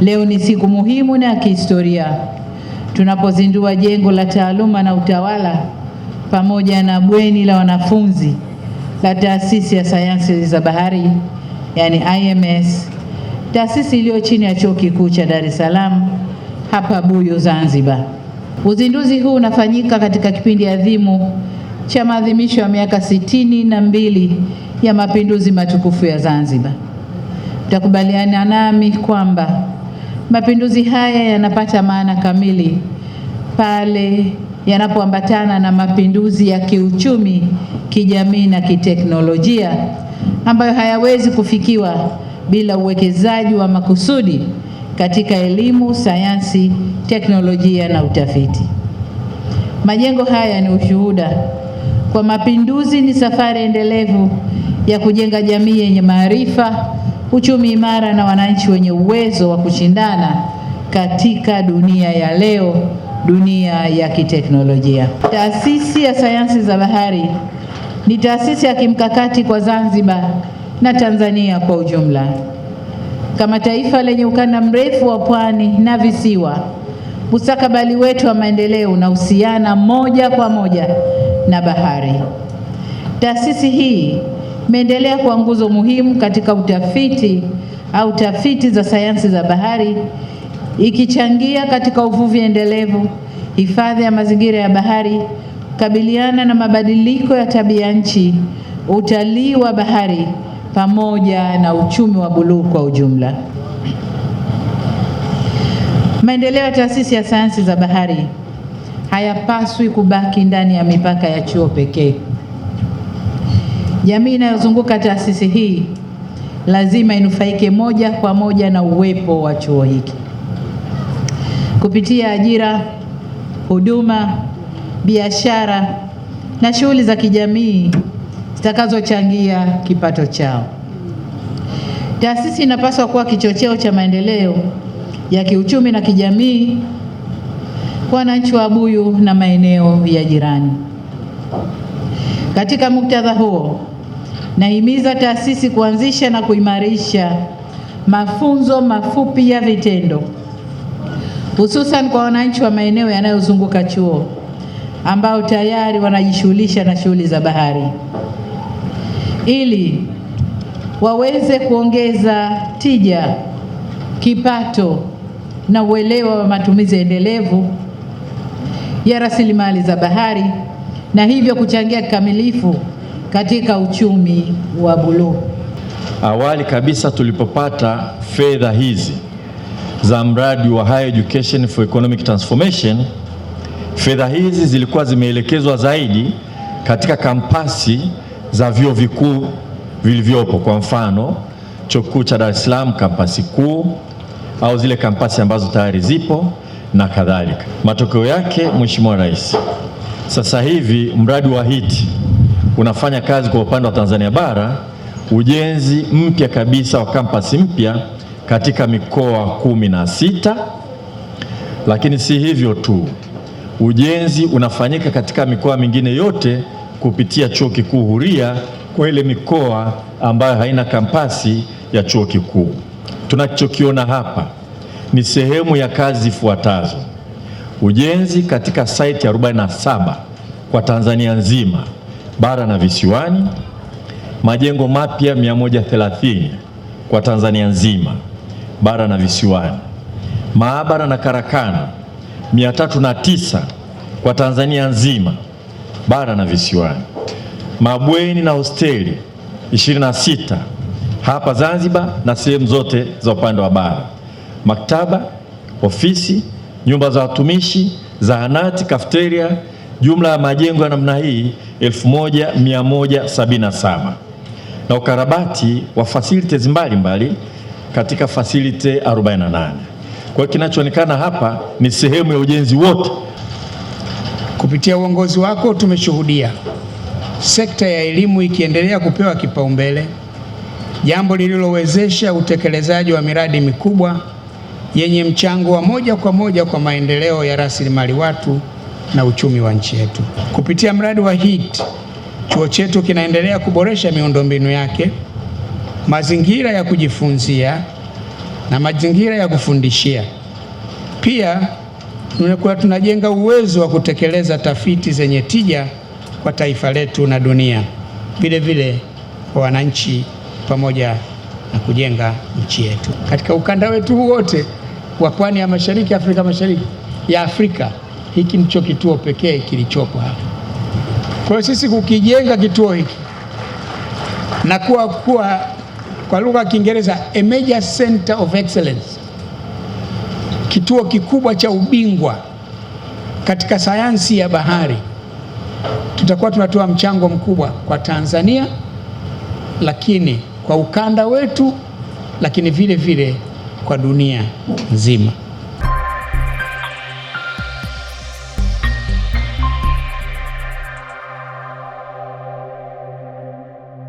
Leo ni siku muhimu na ya kihistoria tunapozindua jengo la taaluma na utawala pamoja na bweni la wanafunzi la taasisi ya sayansi za bahari yani IMS, taasisi iliyo chini ya chuo kikuu cha Dar es Salaam hapa Buyu, Zanzibar. Uzinduzi huu unafanyika katika kipindi adhimu cha maadhimisho ya miaka sitini na mbili ya mapinduzi matukufu ya Zanzibar. Mtakubaliana nami kwamba Mapinduzi haya yanapata maana kamili pale yanapoambatana na mapinduzi ya kiuchumi, kijamii na kiteknolojia ambayo hayawezi kufikiwa bila uwekezaji wa makusudi katika elimu, sayansi, teknolojia na utafiti. Majengo haya ni ushuhuda kwa mapinduzi ni safari endelevu ya kujenga jamii yenye maarifa uchumi imara na wananchi wenye uwezo wa kushindana katika dunia ya leo, dunia ya kiteknolojia. Taasisi ya Sayansi za Bahari ni taasisi ya kimkakati kwa Zanzibar na Tanzania kwa ujumla. Kama taifa lenye ukanda mrefu wa pwani na visiwa, mustakabali wetu wa maendeleo unahusiana moja kwa moja na bahari. Taasisi hii imeendelea kuwa nguzo muhimu katika utafiti au tafiti za sayansi za bahari, ikichangia katika uvuvi endelevu, hifadhi ya mazingira ya bahari, kukabiliana na mabadiliko ya tabia nchi, utalii wa bahari pamoja na uchumi wa buluu kwa ujumla. Maendeleo ya taasisi ya sayansi za bahari hayapaswi kubaki ndani ya mipaka ya chuo pekee. Jamii inayozunguka taasisi hii lazima inufaike moja kwa moja na uwepo wa chuo hiki kupitia ajira, huduma, biashara na shughuli za kijamii zitakazochangia kipato chao. Taasisi inapaswa kuwa kichocheo cha maendeleo ya kiuchumi na kijamii kwa wananchi wa Buyu na maeneo ya jirani. Katika muktadha huo Nahimiza taasisi kuanzisha na kuimarisha mafunzo mafupi ya vitendo hususan kwa wananchi wa maeneo yanayozunguka chuo ambao tayari wanajishughulisha na shughuli za bahari ili waweze kuongeza tija, kipato na uelewa wa matumizi endelevu ya rasilimali za bahari na hivyo kuchangia kikamilifu katika uchumi wa buluu. Awali kabisa tulipopata fedha hizi za mradi wa Higher Education for Economic Transformation, fedha hizi zilikuwa zimeelekezwa zaidi katika kampasi za vyuo vikuu vilivyopo, kwa mfano chuo kikuu cha Dar es Salaam kampasi kuu, au zile kampasi ambazo tayari zipo na kadhalika. Matokeo yake, Mheshimiwa Rais, sasa hivi mradi wa HEET unafanya kazi kwa upande wa Tanzania bara ujenzi mpya kabisa wa kampasi mpya katika mikoa kumi na sita. Lakini si hivyo tu, ujenzi unafanyika katika mikoa mingine yote kupitia chuo kikuu huria kwa ile mikoa ambayo haina kampasi ya chuo kikuu. Tunachokiona hapa ni sehemu ya kazi zifuatazo: ujenzi katika saiti 47 kwa Tanzania nzima bara na visiwani, majengo mapya 130 kwa Tanzania nzima bara na visiwani, maabara na karakana 309 kwa Tanzania nzima bara na visiwani, mabweni na hosteli 26 hapa Zanzibar na sehemu zote za upande wa bara, maktaba, ofisi, nyumba za watumishi, zahanati, kafeteria jumla ya majengo ya namna hii 1177 na ukarabati wa facilities mbalimbali katika facility 48. Kwa kinachoonekana hapa ni sehemu ya ujenzi wote. Kupitia uongozi wako tumeshuhudia sekta ya elimu ikiendelea kupewa kipaumbele, jambo lililowezesha utekelezaji wa miradi mikubwa yenye mchango wa moja kwa moja kwa maendeleo ya rasilimali watu na uchumi wa nchi yetu. Kupitia mradi wa HEET, chuo chetu kinaendelea kuboresha miundombinu yake, mazingira ya kujifunzia na mazingira ya kufundishia. Pia tunakuwa tunajenga uwezo wa kutekeleza tafiti zenye tija kwa taifa letu na dunia, vile vile kwa wananchi, pamoja na kujenga nchi yetu katika ukanda wetu wote wa pwani ya mashariki Afrika Mashariki ya Afrika hiki ndicho kituo pekee kilichopo hapa. Kwa hiyo sisi kukijenga kituo hiki na kuwa kuwa kwa lugha ya Kiingereza a major center of excellence, kituo kikubwa cha ubingwa katika sayansi ya bahari, tutakuwa tunatoa mchango mkubwa kwa Tanzania, lakini kwa ukanda wetu, lakini vile vile kwa dunia nzima.